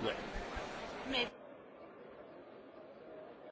Yeah.